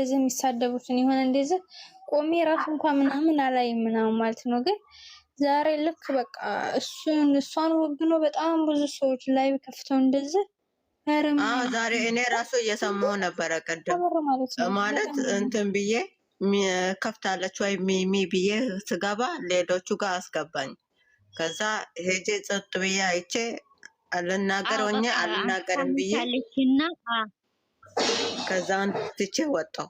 እንደዚህ የሚሳደቡትን የሆነ እንደዚህ ቆሜ ራሱ እንኳን ምናምን አላይ ምናምን ማለት ነው። ግን ዛሬ ልክ በቃ እሱን እሷን ወግኖ በጣም ብዙ ሰዎች ላይ ከፍተው እንደዚህ ዛሬ እኔ ራሱ እየሰማው ነበረ ቅድም ማለት እንትን ብዬ ከፍታለች ወይ ሚሚ ብዬ ስገባ ሌሎቹ ጋር አስገባኝ። ከዛ ሄጄ ጸጥ ብዬ አይቼ አልናገር ሆኜ አልናገርም ብዬ ከዛን ትቼ ወጣሁ።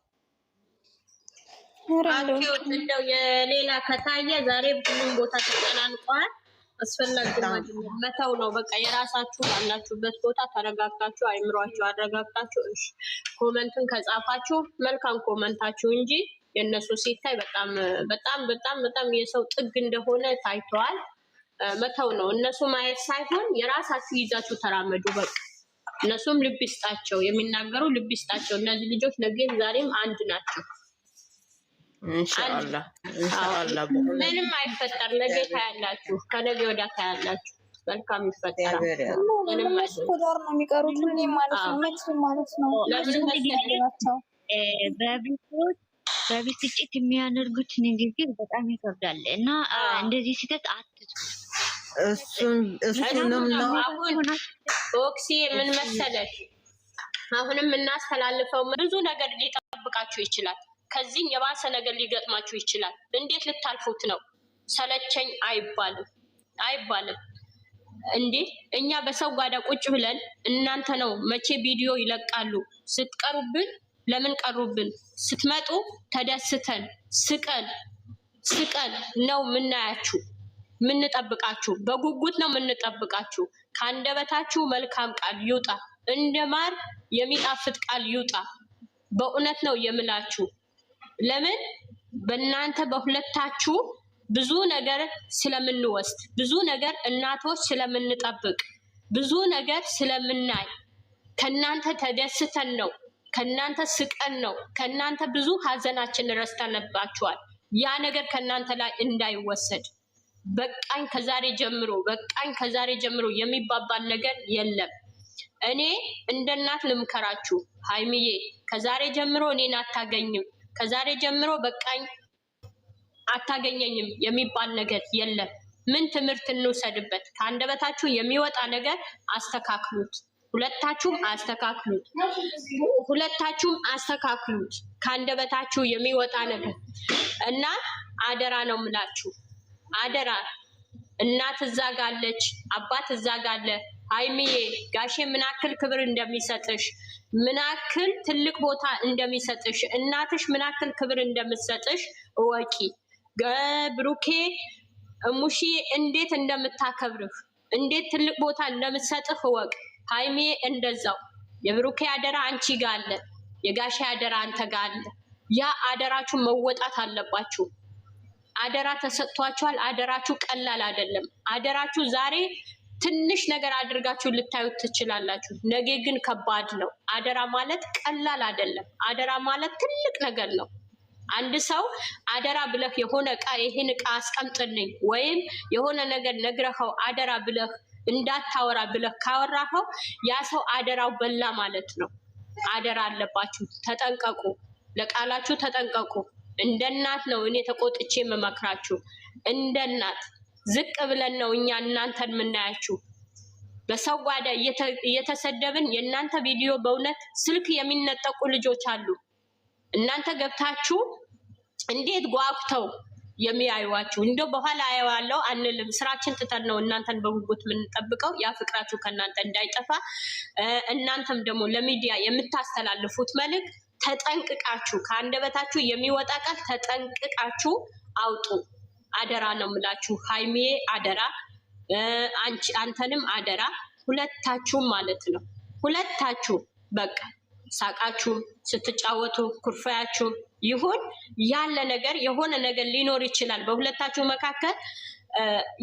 እንደው የሌላ ከታየ ዛሬ ሁሉም ቦታ ተጨናንቋል። አስፈላጊ መተው ነው በቃ። የራሳችሁ ባላችሁበት ቦታ ተረጋግታችሁ፣ አይምሯችሁ አረጋግታችሁ፣ እሺ ኮመንትን ከጻፋችሁ መልካም ኮመንታችሁ እንጂ የእነሱ ሲታይ በጣም በጣም በጣም በጣም የሰው ጥግ እንደሆነ ታይተዋል። መተው ነው እነሱ ማየት ሳይሆን የራሳችሁ ይዛችሁ ተራመዱ በቃ። እነሱም ልብ ይስጣቸው፣ የሚናገሩ ልብ ይስጣቸው። እነዚህ ልጆች ነገም ዛሬም አንድ ናቸው። ምንም አይፈጠር። ነገ ታያላችሁ፣ ከነገ ወዲያ ታያላችሁ። መልካም ይፈጠራል። ምንም ነው የሚቀሩት ማለት ነው ማለት የሚያደርጉት ንግግር በጣም ይከብዳል እና እንደዚህ ስህተት እሱንም ነው ቦክሲ ምን መሰለሽ፣ አሁንም እናስተላልፈው ብዙ ነገር ሊጠብቃችሁ ይችላል። ከዚህም የባሰ ነገር ሊገጥማችሁ ይችላል። እንዴት ልታልፉት ነው? ሰለቸኝ አይባልም አይባልም። እንዴ እኛ በሰው ጓዳ ቁጭ ብለን እናንተ ነው መቼ ቪዲዮ ይለቃሉ? ስትቀሩብን ለምን ቀሩብን? ስትመጡ ተደስተን ስቀን ስቀን ነው የምናያችሁ? ምንጠብቃችሁ፣ በጉጉት ነው ምንጠብቃችሁ። ከአንደበታችሁ መልካም ቃል ይውጣ፣ እንደ ማር የሚጣፍጥ ቃል ይውጣ። በእውነት ነው የምላችሁ። ለምን በእናንተ በሁለታችሁ ብዙ ነገር ስለምንወስድ፣ ብዙ ነገር እናቶች ስለምንጠብቅ፣ ብዙ ነገር ስለምናይ ከእናንተ ተደስተን ነው ከእናንተ ስቀን ነው ከእናንተ ብዙ ሀዘናችን ረስተንባችኋል። ያ ነገር ከእናንተ ላይ እንዳይወሰድ በቃኝ ከዛሬ ጀምሮ በቃኝ ከዛሬ ጀምሮ የሚባባል ነገር የለም። እኔ እንደ እናት ልምከራችሁ፣ ሀይሚዬ ከዛሬ ጀምሮ እኔን አታገኝም፣ ከዛሬ ጀምሮ በቃኝ አታገኘኝም የሚባል ነገር የለም። ምን ትምህርት እንውሰድበት? ከአንደበታችሁ የሚወጣ ነገር አስተካክሉት። ሁለታችሁም አስተካክሉት። ሁለታችሁም አስተካክሉት ከአንደበታችሁ የሚወጣ ነገር እና አደራ ነው የምላችሁ። አደራ እናት እዛ ጋለች አባት እዛ ጋለ ሀይሚዬ ጋሼ ምናክል ክብር እንደሚሰጥሽ ምናክል ትልቅ ቦታ እንደሚሰጥሽ እናትሽ ምናክል ክብር እንደምትሰጥሽ እወቂ። ብሩኬ ሙሺ እንዴት እንደምታከብርህ እንዴት ትልቅ ቦታ እንደምትሰጥህ እወቅ። ሀይሚዬ እንደዛው የብሩኬ አደራ አንቺ ጋለ፣ የጋሼ አደራ አንተ ጋለ። ያ አደራችሁ መወጣት አለባችሁ። አደራ ተሰጥቷችኋል። አደራችሁ ቀላል አይደለም። አደራችሁ ዛሬ ትንሽ ነገር አድርጋችሁ ልታዩት ትችላላችሁ፣ ነገ ግን ከባድ ነው። አደራ ማለት ቀላል አይደለም። አደራ ማለት ትልቅ ነገር ነው። አንድ ሰው አደራ ብለህ የሆነ እቃ ይሄን እቃ አስቀምጥልኝ ወይም የሆነ ነገር ነግረኸው አደራ ብለህ እንዳታወራ ብለህ ካወራኸው ያ ሰው አደራው በላ ማለት ነው። አደራ አለባችሁ። ተጠንቀቁ፣ ለቃላችሁ ተጠንቀቁ። እንደ እናት ነው እኔ ተቆጥቼ የምመክራችሁ። እንደ እናት ዝቅ ብለን ነው እኛ እናንተን የምናያችሁ። በሰው ጓዳ እየተሰደብን የእናንተ ቪዲዮ በእውነት ስልክ የሚነጠቁ ልጆች አሉ። እናንተ ገብታችሁ እንዴት ጓጉተው የሚያዩዋችሁ እንደው በኋላ አየዋለሁ አንልም። ስራችን ትተን ነው እናንተን በጉጉት የምንጠብቀው። ያ ፍቅራችሁ ከእናንተ እንዳይጠፋ እናንተም ደግሞ ለሚዲያ የምታስተላልፉት መልእክት ተጠንቅቃችሁ ከአንደበታችሁ የሚወጣ ቃል ተጠንቅቃችሁ አውጡ። አደራ ነው የምላችሁ። ሀይሜ አደራ፣ አንተንም አደራ። ሁለታችሁም ማለት ነው። ሁለታችሁ በቃ ሳቃችሁ ስትጫወቱ ኩርፋያችሁ ይሁን ያለ ነገር የሆነ ነገር ሊኖር ይችላል። በሁለታችሁ መካከል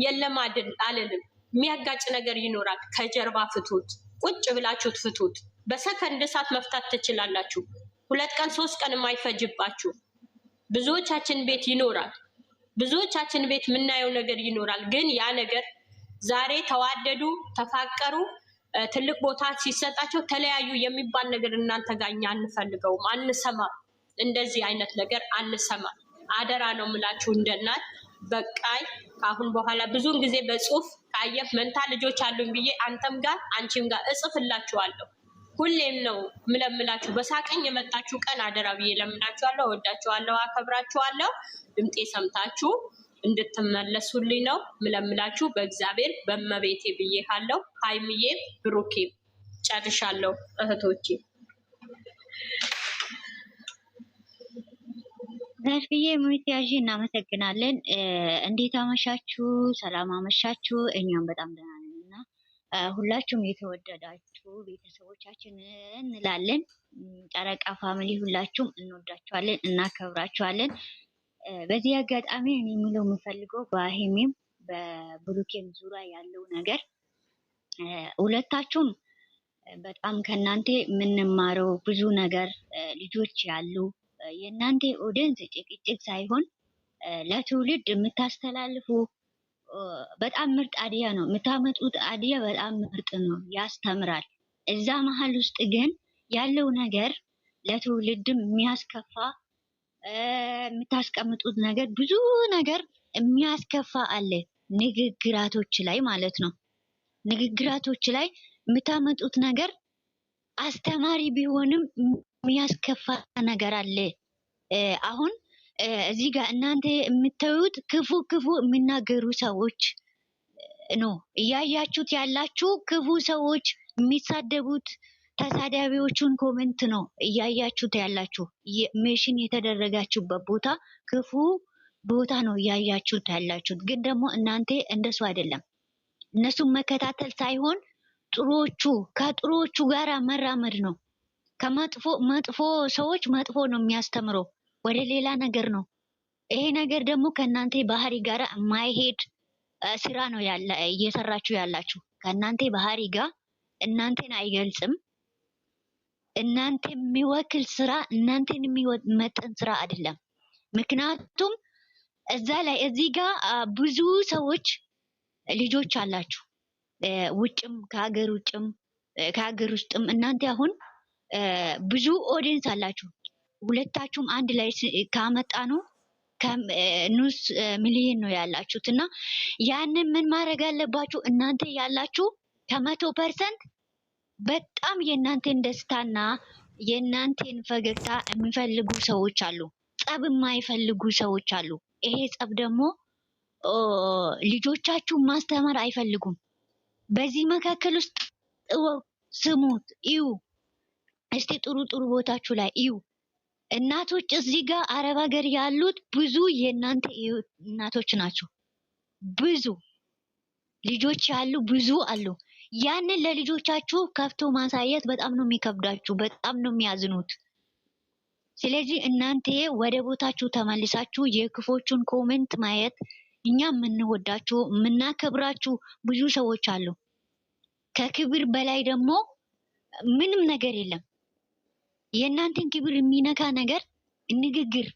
የለም አልልም። የሚያጋጭ ነገር ይኖራል። ከጀርባ ፍቱት። ቁጭ ብላችሁት ፍቱት። በሰከንድ እሳት መፍታት ትችላላችሁ። ሁለት ቀን ሶስት ቀን የማይፈጅባችሁ ብዙዎቻችን ቤት ይኖራል። ብዙዎቻችን ቤት የምናየው ነገር ይኖራል። ግን ያ ነገር ዛሬ ተዋደዱ፣ ተፋቀሩ፣ ትልቅ ቦታ ሲሰጣቸው ተለያዩ የሚባል ነገር እናንተ ጋር እኛ አንፈልገውም፣ አንሰማም። እንደዚህ አይነት ነገር አንሰማም። አደራ ነው የምላችሁ እንደ እናት በቃይ። ከአሁን በኋላ ብዙውን ጊዜ በጽሁፍ ካየፍ መንታ ልጆች አሉኝ ብዬ አንተም ጋር አንቺም ጋር እጽፍላችኋለሁ ሁሌም ነው ምለምላችሁ። በሳቀኝ የመጣችሁ ቀን አደራ ብዬ ለምናችኋለሁ። ወዳችኋለሁ፣ አከብራችኋለሁ። ድምጤ ሰምታችሁ እንድትመለሱልኝ ነው ምለምላችሁ። በእግዚአብሔር በመቤቴ ብዬ ካለው ሀይምዬ ብሩኬ ጨርሻለሁ እህቶቼ። ዘርፍዬ ሙትያዥ እናመሰግናለን። እንዴት አመሻችሁ? ሰላም አመሻችሁ። እኛም በጣም ደህና ሁላችሁም የተወደዳችሁ ቤተሰቦቻችን እንላለን። ጨረቃ ፋሚሊ ሁላችሁም እንወዳችኋለን፣ እናከብራችኋለን። በዚህ አጋጣሚ እኔ የሚለው የምፈልገው በሀይሚም በብሩኬም ዙሪያ ያለው ነገር ሁለታችሁም በጣም ከእናንተ የምንማረው ብዙ ነገር ልጆች ያሉ የእናንተ ኦዲየንስ ጭቅጭቅ ሳይሆን ለትውልድ የምታስተላልፉ በጣም ምርጥ አድያ ነው የምታመጡት። አድያ በጣም ምርጥ ነው፣ ያስተምራል። እዛ መሀል ውስጥ ግን ያለው ነገር ለትውልድም የሚያስከፋ የምታስቀምጡት ነገር ብዙ ነገር የሚያስከፋ አለ፣ ንግግራቶች ላይ ማለት ነው። ንግግራቶች ላይ የምታመጡት ነገር አስተማሪ ቢሆንም የሚያስከፋ ነገር አለ አሁን እዚህ ጋር እናንተ የምታዩት ክፉ ክፉ የሚናገሩ ሰዎች ነው እያያችሁት ያላችሁ። ክፉ ሰዎች የሚሳደቡት ተሳዳቢዎቹን ኮመንት ነው እያያችሁት ያላችሁ። ሜሽን የተደረጋችሁበት ቦታ ክፉ ቦታ ነው እያያችሁት ያላችሁት። ግን ደግሞ እናንተ እንደሱ አይደለም። እነሱን መከታተል ሳይሆን ጥሮቹ ከጥሮቹ ጋር መራመድ ነው። ከመጥፎ መጥፎ ሰዎች መጥፎ ነው የሚያስተምረው ወደ ሌላ ነገር ነው። ይሄ ነገር ደግሞ ከእናንተ ባህሪ ጋር ማይሄድ ስራ ነው ያለ እየሰራችሁ ያላችሁ ከእናንተ ባህሪ ጋር እናንተን አይገልጽም። እናንተ የሚወክል ስራ እናንተን የሚመጥን ስራ አይደለም። ምክንያቱም እዛ ላይ እዚህ ጋር ብዙ ሰዎች ልጆች አላችሁ፣ ውጭም ከሀገር ውጭም ከሀገር ውስጥም እናንተ አሁን ብዙ ኦዲየንስ አላችሁ። ሁለታችሁም አንድ ላይ ካመጣ ነው ኑስ ሚሊዮን ነው ያላችሁት እና ያንን ምን ማድረግ ያለባችሁ እናንተ ያላችሁ ከመቶ ፐርሰንት በጣም የእናንተን ደስታና የእናንተን ፈገግታ የሚፈልጉ ሰዎች አሉ። ጸብ የማይፈልጉ ሰዎች አሉ። ይሄ ጸብ ደግሞ ልጆቻችሁን ማስተማር አይፈልጉም። በዚህ መካከል ውስጥ ስሙት፣ እዩ። እስቲ ጥሩ ጥሩ ቦታችሁ ላይ እዩ። እናቶች እዚህ ጋር አረብ ሀገር ያሉት ብዙ የእናንተ እናቶች ናቸው። ብዙ ልጆች ያሉ ብዙ አሉ። ያንን ለልጆቻችሁ ከፍቶ ማሳየት በጣም ነው የሚከብዳችሁ፣ በጣም ነው የሚያዝኑት። ስለዚህ እናንተ ወደ ቦታችሁ ተመልሳችሁ የክፎቹን ኮሜንት ማየት እኛ የምንወዳችሁ የምናከብራችሁ ብዙ ሰዎች አሉ። ከክብር በላይ ደግሞ ምንም ነገር የለም። የእናንተን ክብር የሚነካ ነገር ንግግር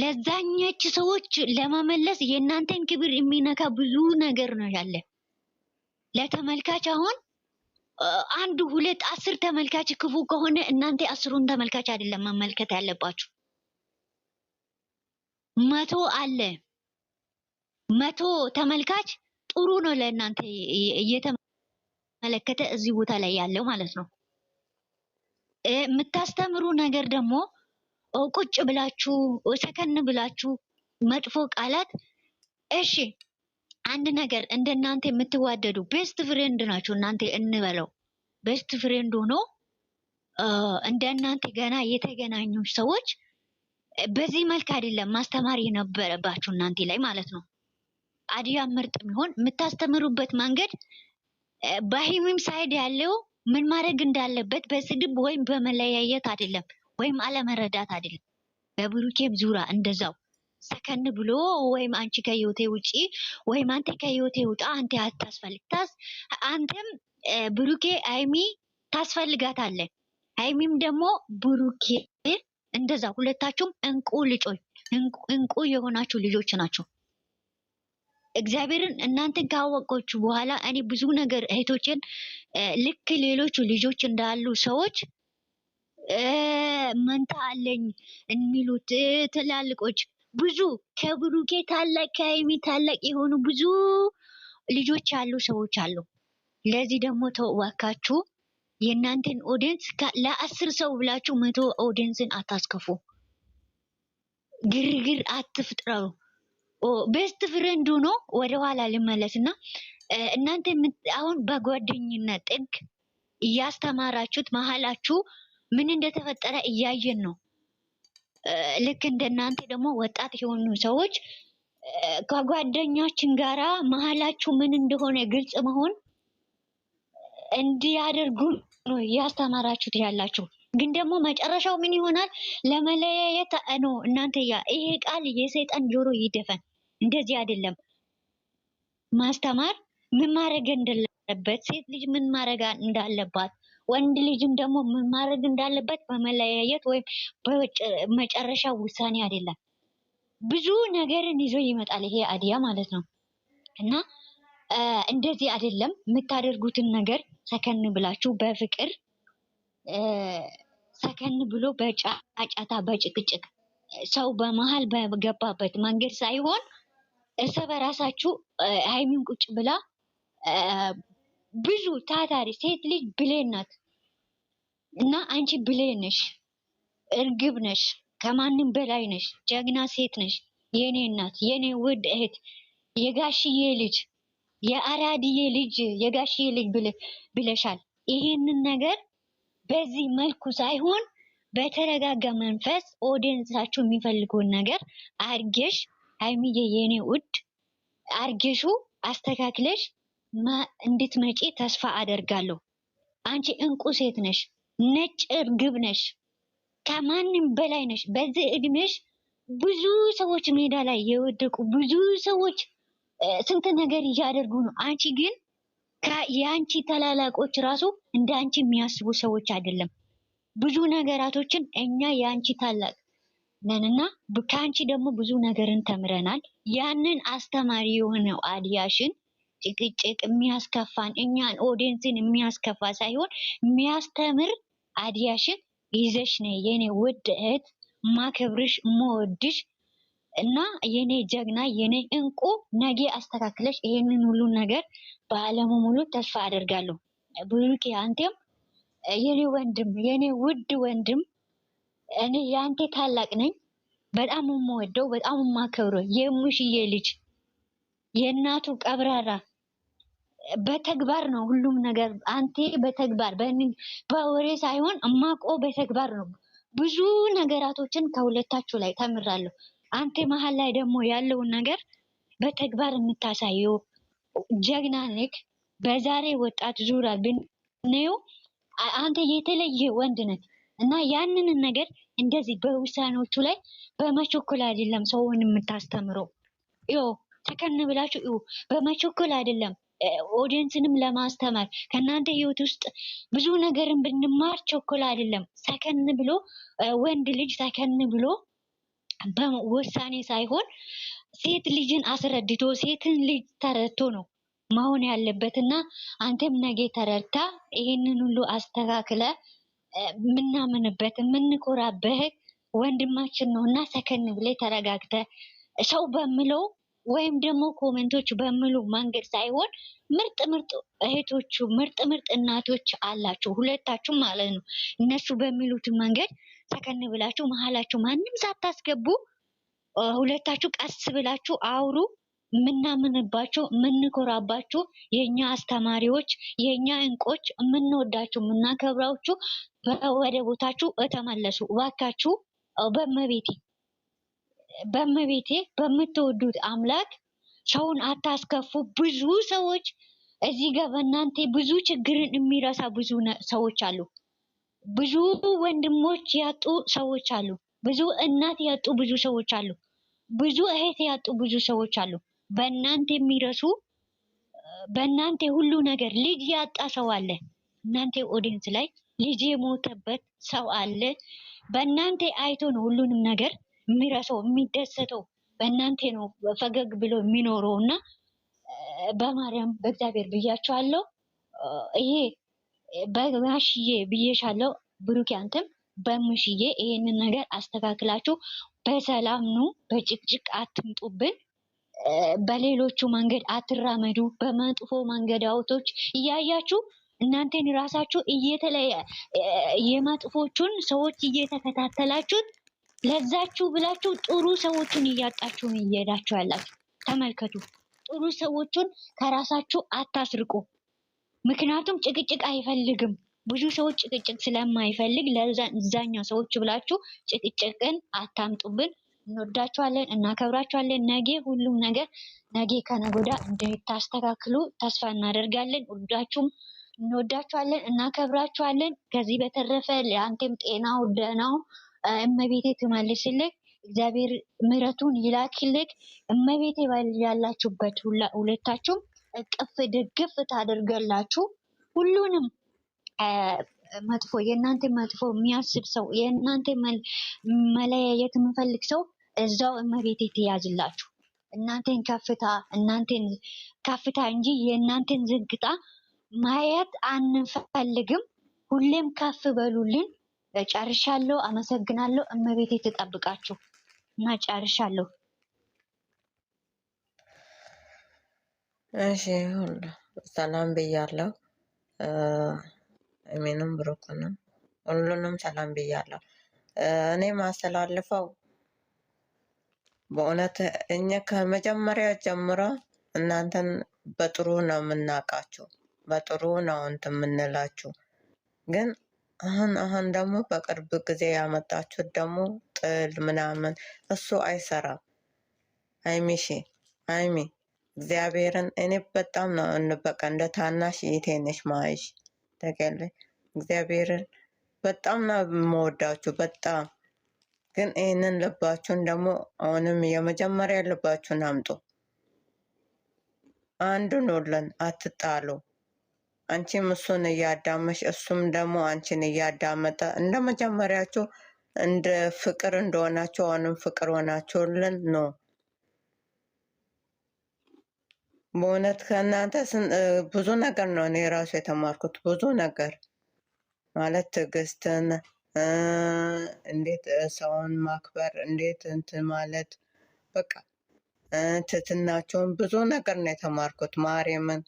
ለዛኞች ሰዎች ለመመለስ የእናንተን ክብር የሚነካ ብዙ ነገር ነው ያለ። ለተመልካች አሁን አንድ ሁለት አስር ተመልካች ክፉ ከሆነ እናንተ አስሩን ተመልካች አይደለም መመልከት ያለባችሁ። መቶ አለ መቶ ተመልካች ጥሩ ነው ለእናንተ እየተመለከተ እዚህ ቦታ ላይ ያለው ማለት ነው። የምታስተምሩ ነገር ደግሞ ቁጭ ብላችሁ ሰከን ብላችሁ መጥፎ ቃላት እሺ፣ አንድ ነገር እንደናንተ የምትዋደዱ ቤስት ፍሬንድ ናቸው እናንተ እንበለው ቤስት ፍሬንድ ሆኖ እንደናንተ ገና የተገናኙ ሰዎች በዚህ መልክ አይደለም ማስተማር የነበረባችሁ እናንተ ላይ ማለት ነው። አዲያ ምርጥ የሚሆን የምታስተምሩበት መንገድ በሂሚም ሳይድ ያለው ምን ማድረግ እንዳለበት በስድብ ወይም በመለያየት አይደለም፣ ወይም አለመረዳት አይደለም። በብሩኬም ዙራ እንደዛው ሰከን ብሎ ወይም አንቺ ከህይወቴ ውጪ ወይም አንተ ከህይወቴ ውጣ፣ አንተ አታስፈልግ ታስ አንተም ብሩኬ አይሚ አለ አይሚም ደግሞ ብሩኬ እንደዛ ሁለታችሁም እንቁ ልጆች እንቁ የሆናችሁ ልጆች ናቸው። እግዚአብሔርን እናንተን ካወቆች በኋላ እኔ ብዙ ነገር እህቶችን ልክ ሌሎቹ ልጆች እንዳሉ ሰዎች መንታ አለኝ የሚሉት ትላልቆች ብዙ ከብሩኬ ታላቅ ከሀይሚ ታላቅ የሆኑ ብዙ ልጆች ያሉ ሰዎች አሉ። ለዚህ ደግሞ ተዋካችሁ የእናንተን ኦዲየንስ ለአስር ሰው ብላችሁ መቶ ኦዲየንስን አታስከፉ። ግርግር አትፍጥረሩ። ቤስት ፍሬንዱ ነው። ወደኋላ ልመለስ እና እናንተ አሁን በጓደኝነት ጥግ እያስተማራችሁት መሀላችሁ ምን እንደተፈጠረ እያየን ነው። ልክ እንደናንተ ደግሞ ወጣት የሆኑ ሰዎች ከጓደኛችን ጋራ መሀላችሁ ምን እንደሆነ ግልጽ መሆን እንዲያደርጉ ነው እያስተማራችሁት ያላችሁ። ግን ደግሞ መጨረሻው ምን ይሆናል? ለመለያየት ነው። እናንተ ይሄ ቃል የሰይጣን ጆሮ ይደፈን። እንደዚህ አይደለም ማስተማር። ምን ማድረግ እንዳለበት ሴት ልጅ ምን ማድረግ እንዳለባት ወንድ ልጅም ደግሞ ምን ማድረግ እንዳለበት በመለያየት ወይም በመጨረሻ ውሳኔ አይደለም። ብዙ ነገርን ይዞ ይመጣል ይሄ አዲያ ማለት ነው። እና እንደዚህ አይደለም የምታደርጉትን ነገር ሰከን ብላችሁ በፍቅር ሰከን ብሎ በጫጫታ በጭቅጭቅ ሰው በመሀል በገባበት መንገድ ሳይሆን እርሰ በራሳችሁ ሀይሚን ቁጭ ብላ ብዙ ታታሪ ሴት ልጅ ብሌን ናት እና አንቺ ብሌ ነሽ፣ እርግብ ነሽ፣ ከማንም በላይ ነሽ፣ ጀግና ሴት ነሽ፣ የኔ እናት፣ የኔ ውድ እህት፣ የጋሽዬ ልጅ፣ የአራድዬ ልጅ፣ የጋሽዬ ልጅ ብለሻል። ይሄንን ነገር በዚህ መልኩ ሳይሆን በተረጋጋ መንፈስ ኦዲየንሳችሁ የሚፈልገውን ነገር አድርጌሽ ሀይሚዬ የኔ ውድ አርጌሹ አስተካክለሽ እንድትመጪ ተስፋ አደርጋለሁ። አንቺ እንቁ ሴት ነሽ፣ ነጭ እርግብ ነሽ፣ ከማንም በላይ ነሽ። በዚህ እድሜሽ ብዙ ሰዎች ሜዳ ላይ የወደቁ ብዙ ሰዎች ስንት ነገር እያደርጉ ነው። አንቺ ግን የአንቺ ተላላቆች ራሱ እንደ አንቺ የሚያስቡ ሰዎች አይደለም። ብዙ ነገራቶችን እኛ የአንቺ ታላቅ እና ከአንቺ ደግሞ ብዙ ነገርን ተምረናል። ያንን አስተማሪ የሆነው አድያሽን ጭቅጭቅ የሚያስከፋን እኛን ኦዲየንስን የሚያስከፋ ሳይሆን የሚያስተምር አዲያሽን ይዘሽ ነይ የኔ ውድ እህት፣ ማከብርሽ፣ መወድሽ እና የኔ ጀግና የኔ እንቁ ነገ አስተካክለሽ ይሄንን ሁሉ ነገር በአለሙ ሙሉ ተስፋ አደርጋለሁ። ብሩኬ አንቴም የኔ ወንድም የኔ ውድ ወንድም እኔ የአንተ ታላቅ ነኝ። በጣም የምወደው በጣም የማከብረው የሙሽዬ ልጅ የእናቱ ቀብራራ በተግባር ነው ሁሉም ነገር። አንተ በተግባር በወሬ ሳይሆን እማቆ በተግባር ነው። ብዙ ነገራቶችን ከሁለታችሁ ላይ ተምራለሁ። አንተ መሀል ላይ ደግሞ ያለውን ነገር በተግባር የምታሳየው ጀግና ነክ። በዛሬ ወጣት ዙራ ብንየው አንተ የተለየ ወንድ ነህ። እና ያንንን ነገር እንደዚህ በውሳኔዎቹ ላይ በመቸኮል አይደለም ሰውን የምታስተምረው። ዮ ተከን ብላችሁ ዮ በመቸኮል አይደለም ኦዲየንስንም ለማስተማር ከእናንተ ህይወት ውስጥ ብዙ ነገርን ብንማር ቸኮል አይደለም። ሰከን ብሎ ወንድ ልጅ ሰከን ብሎ በውሳኔ ሳይሆን ሴት ልጅን አስረድቶ ሴትን ልጅ ተረድቶ ነው መሆን ያለበት እና አንተም ነገ ተረድታ ይህንን ሁሉ አስተካክለ የምናምንበት የምንኮራበት ወንድማችን ነው እና ሰከን ብለ ተረጋግተ ሰው በምለው ወይም ደግሞ ኮሜንቶች በምሉ መንገድ ሳይሆን ምርጥ ምርጥ እህቶቹ ምርጥ ምርጥ እናቶች አላችሁ፣ ሁለታችሁ ማለት ነው። እነሱ በሚሉት መንገድ ሰከን ብላችሁ መሀላችሁ ማንም ሳታስገቡ ሁለታችሁ ቀስ ብላችሁ አውሩ። የምናምንባቸው የምንኮራባቸው የእኛ አስተማሪዎች የእኛ እንቆች የምንወዳቸው የምናከብራችሁ ወደ ቦታችሁ እተመለሱ እባካችሁ በመቤቴ በመቤቴ በምትወዱት አምላክ ሰውን አታስከፉ። ብዙ ሰዎች እዚህ ጋር በእናንተ ብዙ ችግርን የሚረሳ ብዙ ሰዎች አሉ። ብዙ ወንድሞች ያጡ ሰዎች አሉ። ብዙ እናት ያጡ ብዙ ሰዎች አሉ። ብዙ እህት ያጡ ብዙ ሰዎች አሉ። በእናንተ የሚረሱ በእናንተ ሁሉ ነገር ልጅ ያጣ ሰው አለ። እናንተ ኦዲንስ ላይ ልጅ የሞተበት ሰው አለ። በእናንተ አይቶ ነው ሁሉንም ነገር የሚረሰው የሚደሰተው በእናንተ ነው ፈገግ ብሎ የሚኖረው እና በማርያም በእግዚአብሔር ብያቸዋለሁ። ይሄ በማሽዬ ብዬሻለሁ። ብሩክ አንተም በምሽዬ ይሄንን ነገር አስተካክላችሁ በሰላም ኑ። በጭቅጭቅ አትምጡብን። በሌሎቹ መንገድ አትራመዱ። በመጥፎ መንገድ አውቶች እያያችሁ እናንተን ራሳችሁ እየተለየ የመጥፎቹን ሰዎች እየተከታተላችሁት ለዛችሁ ብላችሁ ጥሩ ሰዎችን እያጣችሁ እየሄዳችሁ ያላችሁ ተመልከቱ። ጥሩ ሰዎቹን ከራሳችሁ አታስርቁ። ምክንያቱም ጭቅጭቅ አይፈልግም። ብዙ ሰዎች ጭቅጭቅ ስለማይፈልግ ለዛኛው ሰዎች ብላችሁ ጭቅጭቅን አታምጡብን። እንወዳቸዋለን፣ እናከብራቸዋለን። ነገ ሁሉም ነገር ነገ ከነጎዳ እንደምታስተካክሉ ተስፋ እናደርጋለን። ሁላችሁም እንወዳቸዋለን፣ እናከብራቸዋለን። ከዚህ በተረፈ ለአንተም ጤናው ደህናው እመቤቴ ትመልስልህ፣ እግዚአብሔር ምሕረቱን ይላክልህ። እመቤቴ ያላችሁበት ሁለታችሁም እቅፍ ድግፍ ታደርጋላችሁ ሁሉንም መጥፎ የእናንተ መጥፎ የሚያስብ ሰው የእናንተ መለያየት የምፈልግ ሰው እዛው እመቤቴ ትያዝላችሁ። እናንተን ከፍታ እናንተን ከፍታ እንጂ የእናንተን ዝግታ ማየት አንፈልግም። ሁሌም ከፍ በሉልን። ጨርሻለሁ። አመሰግናለሁ። እመቤቴ ትጠብቃችሁ እና ጨርሻለሁ። እሺ ሁሉ ሰላም ብያለሁ። እሜንም ብሩክንም ሁሉንም ሰላም ብያለሁ። እኔ ማስተላልፈው በእውነት እኛ ከመጀመሪያ ጀምሮ እናንተን በጥሩ ነው የምናውቃችሁ፣ በጥሩ ነው እንትን የምንላችሁ። ግን አሁን አሁን ደግሞ በቅርብ ጊዜ ያመጣችሁት ደግሞ ጥል ምናምን እሱ አይሰራም። አይሚሺ አይሚ እግዚአብሔርን እኔ በጣም ነው እንበቀ እንደ ታናሽ ይቴንሽ ማይሽ ተገለ እግዚአብሔርን በጣም ነው የምወዳችሁ በጣም ግን ይህንን ልባችሁን ደግሞ አሁንም የመጀመሪያ ልባችሁን አምጡ። አንድ ኖለን አትጣሉ። አንቺም እሱን እያዳመሽ እሱም ደግሞ አንቺን እያዳመጠ እንደ መጀመሪያችሁ እንደ ፍቅር እንደሆናችሁ አሁንም ፍቅር ሆናችሁልን ነው። በእውነት ከእናንተ ብዙ ነገር ነው እኔ ራሱ የተማርኩት ብዙ ነገር ማለት ትዕግስትን እንዴት ሰውን ማክበር፣ እንዴት እንትን ማለት በቃ ትትናቸውን ብዙ ነገር ነው የተማርኩት። ማርያምን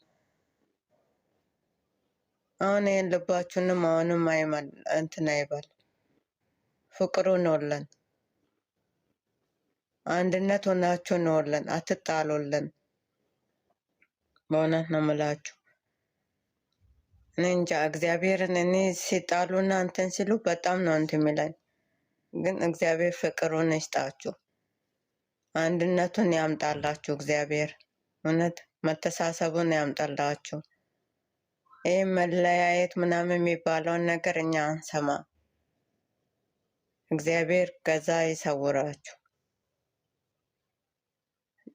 አሁን ይህን ልባችሁንም አሁንም አይመል እንትን አይበል ፍቅሩ ኖለን አንድነት ሆናችሁ ኖለን አትጣሉልን። በእውነት ነው ምላችሁ። እንጃ እግዚአብሔርን እኔ ሲጣሉና እንትን ሲሉ በጣም ነው እንትን የሚለኝ። ግን እግዚአብሔር ፍቅሩን ይስጣችሁ፣ አንድነቱን ያምጣላችሁ። እግዚአብሔር እውነት መተሳሰቡን ያምጣላችሁ። ይህ መለያየት ምናምን የሚባለውን ነገር እኛ አንሰማ። እግዚአብሔር ገዛ ይሰውራችሁ።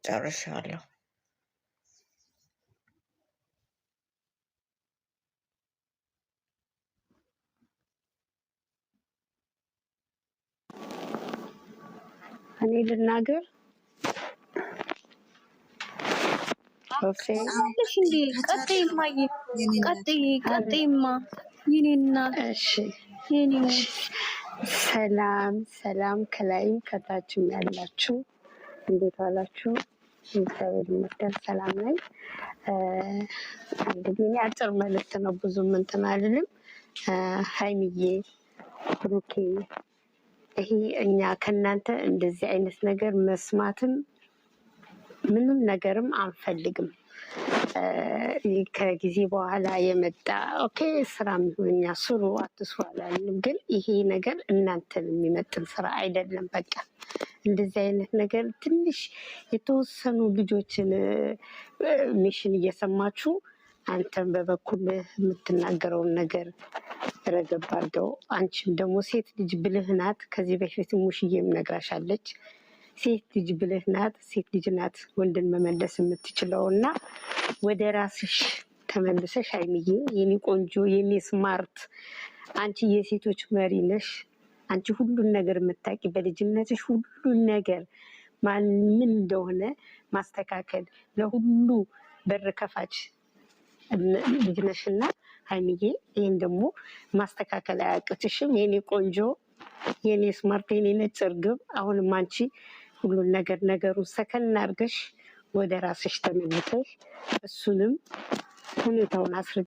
ጨርሻለሁ። እኔ ልናገር ሰላም ሰላም፣ ከላይም ከታችም ያላችሁ እንዴት ዋላችሁ? እግዚአብሔር ይመስገን ሰላም ነኝ። እንግዲህ አጭር መልእክት ነው፣ ብዙም እንትን አይደለም። ሀይሚዬ ብሩኬ ይሄ እኛ ከእናንተ እንደዚህ አይነት ነገር መስማትም ምንም ነገርም አንፈልግም። ከጊዜ በኋላ የመጣ ኦኬ ስራ የሚሆኛ ስሩ አትስሩ አላልንም፣ ግን ይሄ ነገር እናንተን የሚመጥን ስራ አይደለም። በቃ እንደዚህ አይነት ነገር ትንሽ የተወሰኑ ልጆችን ሚሽን እየሰማችሁ አንተም በበኩል የምትናገረውን ነገር ረገብ አድርገው። አንቺም ደግሞ ሴት ልጅ ብልህ ናት። ከዚህ በፊት ሙሽዬም ነግራሻለች። ሴት ልጅ ብልህ ናት። ሴት ልጅ ናት ወንድን መመለስ የምትችለው እና ወደ ራስሽ ተመልሰሽ ሀይሚዬ፣ የኔ ቆንጆ፣ የኔ ስማርት፣ አንቺ የሴቶች መሪ ነሽ። አንቺ ሁሉን ነገር የምታውቂ በልጅነትሽ ሁሉን ነገር ማን ምን እንደሆነ ማስተካከል ለሁሉ በር ከፋች ልጅ ነሽና ሀይሚዬ፣ ይህን ደግሞ ማስተካከል አያቅትሽም። የኔ ቆንጆ፣ የኔ ስማርት፣ የኔ ነጭ እርግብ፣ አሁንም አንቺ ሁሉን ነገር ነገሩን ሰከን አርገሽ ወደ ራስሽ ተመልሰሽ እሱንም ሁኔታውን አስረ